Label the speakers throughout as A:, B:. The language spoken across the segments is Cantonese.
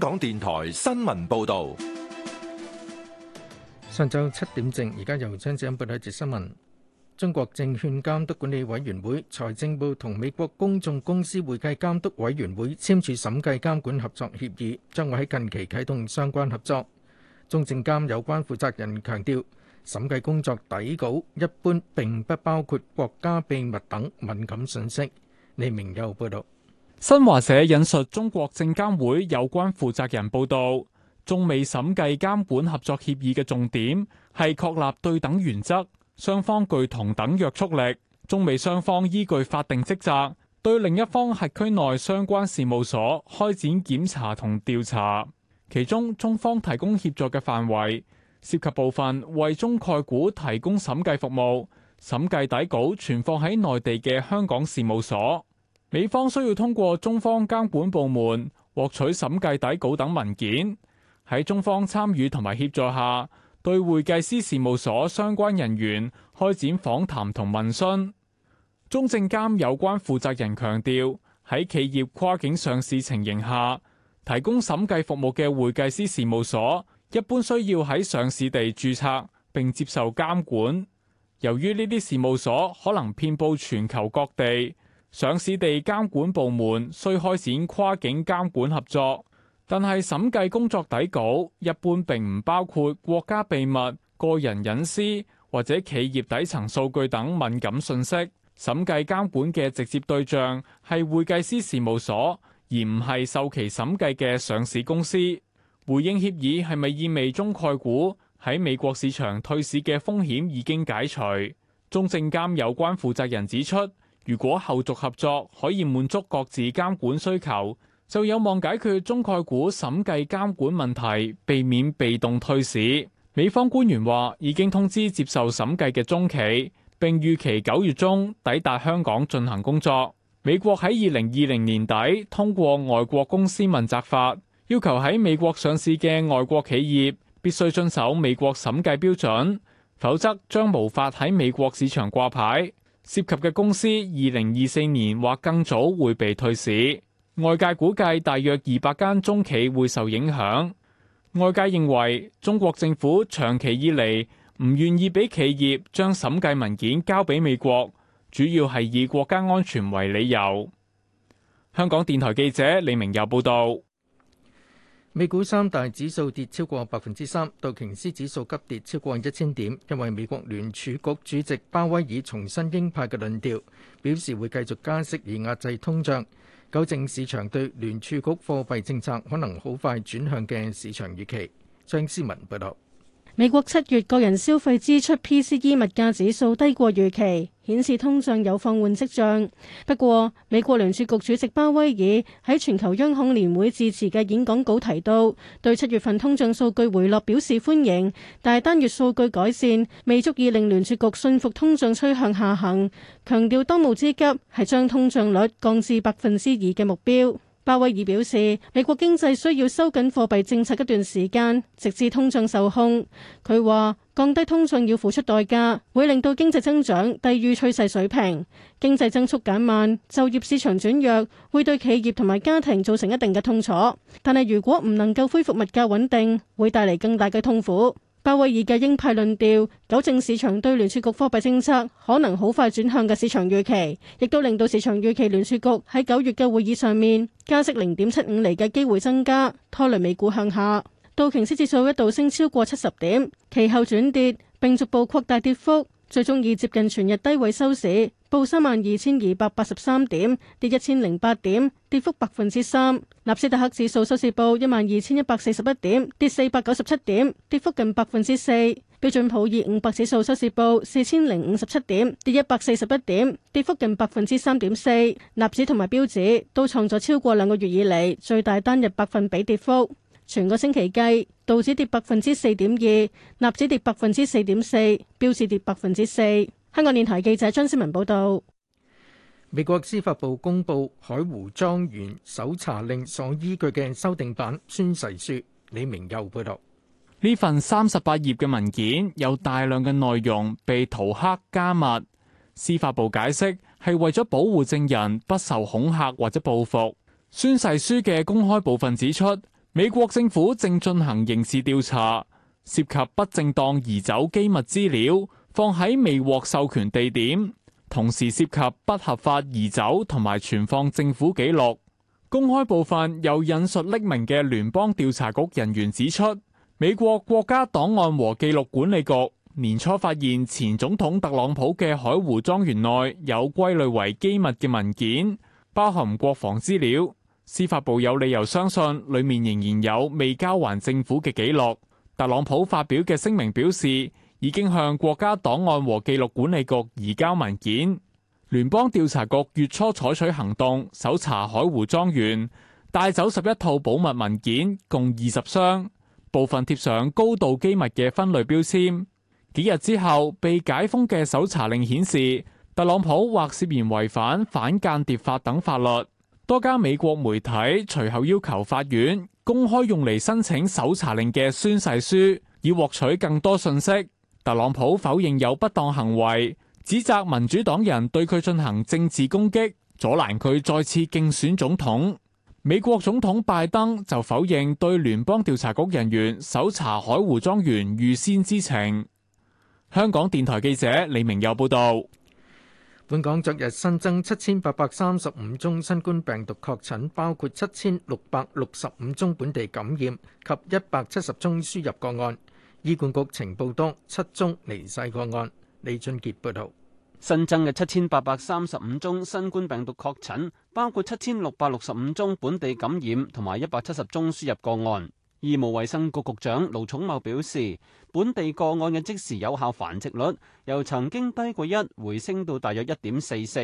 A: 香港電
B: 台新聞報道：上晝七點正，而家由張姐報道一節新聞。中國證券監督管理委員會、財政部同美國公眾公司會計監督委員會簽署審計監管合作協議，將會喺近期啟動相關合作。中證監有關負責人強調，審計工作底稿一般並不包括國家秘密等敏感信息。
C: 李明又報道。新華社引述中國證監會有關負責人報道，中美審計監管合作協議嘅重點係確立對等原則，雙方具同等約束力。中美雙方依據法定職責，對另一方轄區內相關事務所開展檢查同調查。其中，中方提供協助嘅範圍涉及部分為中概股提供審計服務，審計底稿存放喺內地嘅香港事務所。美方需要通過中方監管部門獲取審計底稿等文件，喺中方參與同埋協助下，對會計師事務所相關人員開展訪談同問詢。中證監有關負責人強調：喺企業跨境上市情形下，提供審計服務嘅會計師事務所一般需要喺上市地註冊並接受監管。由於呢啲事務所可能遍佈全球各地。上市地監管部門需開展跨境監管合作，但係審計工作底稿一般並唔包括國家秘密、個人隱私或者企業底層數據等敏感信息。審計監管嘅直接對象係會計師事務所，而唔係受其審計嘅上市公司。回應協議係咪意味中概股喺美國市場退市嘅風險已經解除？中證監有關負責人指出。如果後續合作可以滿足各自監管需求，就有望解決中概股審計監管問題，避免被動退市。美方官員話已經通知接受審計嘅中企，並預期九月中抵達香港進行工作。美國喺二零二零年底通過《外國公司問責法》，要求喺美國上市嘅外國企業必須遵守美國審計標準，否則將無法喺美國市場掛牌。涉及嘅公司，二零二四年或更早會被退市。外界估計大約二百間中企會受影響。外界認為，中國政府長期以嚟唔願意俾企業將審計文件交俾美國，主要係以國家安全為理由。香港電台記者李明佑報道。美股
B: 三大指數跌超過百分之三，道瓊斯指數急跌超過一千點，因為美國聯儲局主席鮑威爾重申鷹派嘅論調，表示會繼續加息而壓制通脹，糾正市場對聯儲局貨幣政策可能好快轉向嘅市場預期。張思文報道，
D: 美國七月個人消費支出 PCE 物價指數低過預期。顯示通脹有放緩跡象。不過，美國聯儲局主席鮑威爾喺全球央行年會致辭嘅演講稿提到，對七月份通脹數據回落表示歡迎，但係單月數據改善未足以令聯儲局信服通脹趨向下行。強調當務之急係將通脹率降至百分之二嘅目標。鮑威爾表示，美國經濟需要收緊貨幣政策一段時間，直至通脹受控。佢話：降低通脹要付出代價，會令到經濟增長低於趨勢水平，經濟增速減慢，就業市場轉弱，會對企業同埋家庭造成一定嘅痛楚。但係如果唔能夠恢復物價穩定，會帶嚟更大嘅痛苦。鮑威爾嘅鷹派論調，糾正市場對聯儲局貨幣政策可能好快轉向嘅市場預期，亦都令到市場預期聯儲局喺九月嘅會議上面加息零點七五厘嘅機會增加，拖累美股向下。道瓊斯指數一度升超過七十點，其後轉跌，並逐步擴大跌幅，最終以接近全日低位收市，報三萬二千二百八十三點，跌一千零八點，跌幅百分之三。納斯達克指數收市報一萬二千一百四十一點，跌四百九十七點，跌幅近百分之四。標準普爾五百指數收市報四千零五十七點，跌一百四十一點，跌幅近百分之三點四。納指同埋標指都創咗超過兩個月以嚟最大單日百分比跌幅。全個星期計，道指跌百分之四點二，納指跌百分之四點四，標指跌百分之四。香港電台記者張思文報道。
B: 美國司法部公布海湖莊園搜查令所依據嘅修訂版宣誓書。李明又報道，
C: 呢份三十八頁嘅文件有大量嘅內容被塗黑加密。司法部解釋係為咗保護證人不受恐嚇或者報復。宣誓書嘅公開部分指出。美國政府正進行刑事調查，涉及不正當移走機密資料，放喺未獲授權地點，同時涉及不合法移走同埋存放政府記錄。公開部分有引述匿名嘅聯邦調查局人員指出，美國國家檔案和記錄管理局年初發現前總統特朗普嘅海湖莊園內有歸類為機密嘅文件，包含國防資料。司法部有理由相信，裏面仍然有未交還政府嘅記錄。特朗普發表嘅聲明表示，已經向國家檔案和記錄管理局移交文件。聯邦調查局月初採取行動，搜查海湖莊園，帶走十一套保密文件，共二十箱，部分貼上高度機密嘅分類標籤。幾日之後，被解封嘅搜查令顯示，特朗普或涉嫌違反反間諜法等法律。多家美國媒體隨後要求法院公開用嚟申請搜查令嘅宣誓書，以獲取更多信息。特朗普否認有不當行為，指責民主黨人對佢進行政治攻擊，阻攔佢再次競選總統。美國總統拜登就否認對聯邦調查局人員搜查海湖莊園預先知情。香港電台記者李明佑報導。
B: 本港昨日新增七千八百三十五宗新冠病毒確診，包括七千六百六十五宗本地感染及一百七十宗輸入個案。醫管局情報多七宗離世個
E: 案。李俊杰報導，新增嘅七千八百三十五宗新冠病毒確診，包括七千六百六十五宗本地感染同埋一百七十宗輸入個案。醫務衛生局局長盧寵茂表示，本地個案嘅即時有效繁殖率由曾經低過一，回升到大約一點四四，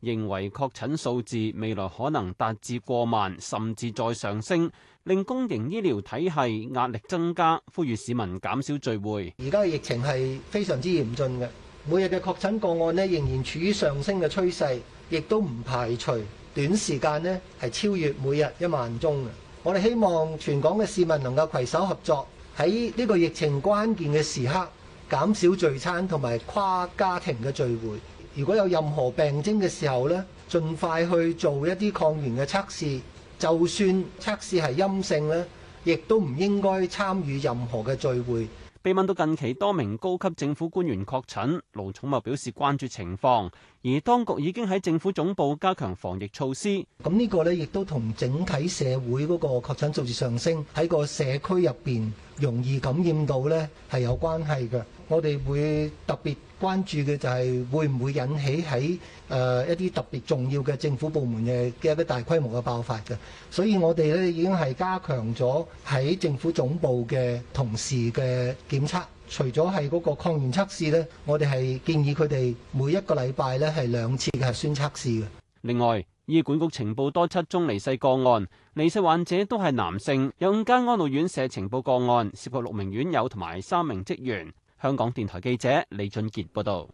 E: 認為確診數字未來可能達至過萬，甚至再上升，令公營醫療體系壓力增加，呼籲市民減少聚會。
A: 而家嘅疫情係非常之嚴峻嘅，每日嘅確診個案呢仍然處於上升嘅趨勢，亦都唔排除短時間呢係超越每日一萬宗嘅。我哋希望全港嘅市民能夠攜手合作，喺呢個疫情關鍵嘅時刻，減少聚餐同埋跨家庭嘅聚會，如果有任何病徵嘅時候咧，盡快去做一啲抗原嘅測試，就算測試係陰性咧，亦都唔應該參與任何嘅聚會。
E: 被問到近期多名高級政府官員確診，盧寵茂表示關注情況，而當局已經喺政府總部加強防疫
A: 措施。咁呢個咧，亦都同整體社會嗰個確診數字上升，喺個社區入邊容易感染到咧，係有關係嘅。我哋會特別關注嘅就係會唔會引起喺誒一啲特別重要嘅政府部門嘅嘅一個大規模嘅爆發嘅，所以我哋咧已經係加強咗喺政府總部嘅同事嘅檢測，除咗係嗰個抗原測試咧，我哋係建議佢哋每一個禮拜咧係兩次嘅核酸測試嘅。
E: 另外，醫管局呈報多七宗離世個案，離世患者都係男性，有五間安老院舍呈報個案，涉及六名院友同埋三名職員。香港電台記者李俊杰報道，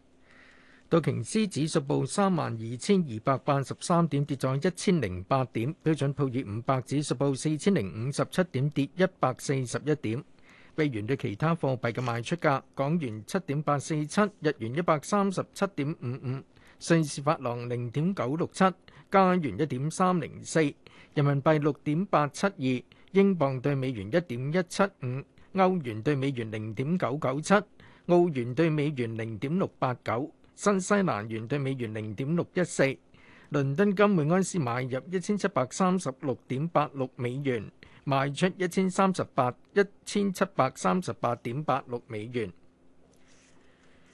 E: 道瓊斯指數報三萬二千二百八十三點，跌
B: 咗一千零八點；標準普爾五百指數報四千零五十七點，跌一百四十一點。美元對其他貨幣嘅賣出價：港元七點八四七，日元一百三十七點五五，瑞士法郎零點九六七，加元一點三零四，人民幣六點八七二，英鎊兌美元一點一七五，歐元兌美元零點九九七。澳元兌美元零點六八九，新西蘭元兌美元零點六一四，倫敦金每安士買入一千七百三十六點八六美元，賣出一千三十八一千七百三十八點八六美元。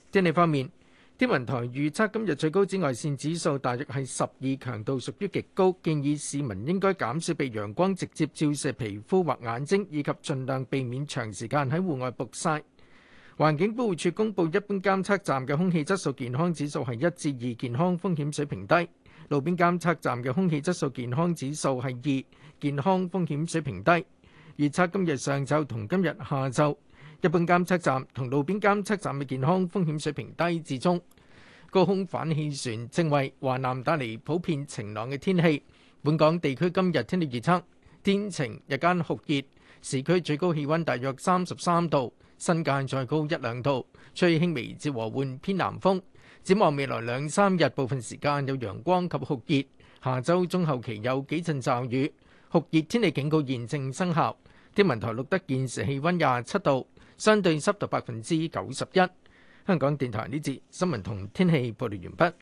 B: 天氣方面，天文台預測今日最高紫外線指數大約係十二，強度屬於極高，建議市民應該減少被陽光直接照射皮膚或眼睛，以及盡量避免長時間喺戶外曝曬。環境保護署公布，一般監測站嘅空氣質素健康指數係一至二，健康風險水平低；路邊監測站嘅空氣質素健康指數係二，健康風險水平低。預測今日上晝同今日下晝，一般監測站同路邊監測站嘅健康風險水平低至中。高空反氣旋正為華南帶嚟普遍晴朗嘅天氣。本港地區今日天氣預測天晴，日間酷熱，市區最高氣温大約三十三度。新界再高一兩度，吹輕微至和緩偏南風。展望未來兩三日，部分時間有陽光及酷熱。下周中後期有幾陣驟雨，酷熱天氣警告現正生效。天文台錄得現時氣温廿七度，相對濕度百分之九十一。香港電台呢節新聞同天氣報道完畢。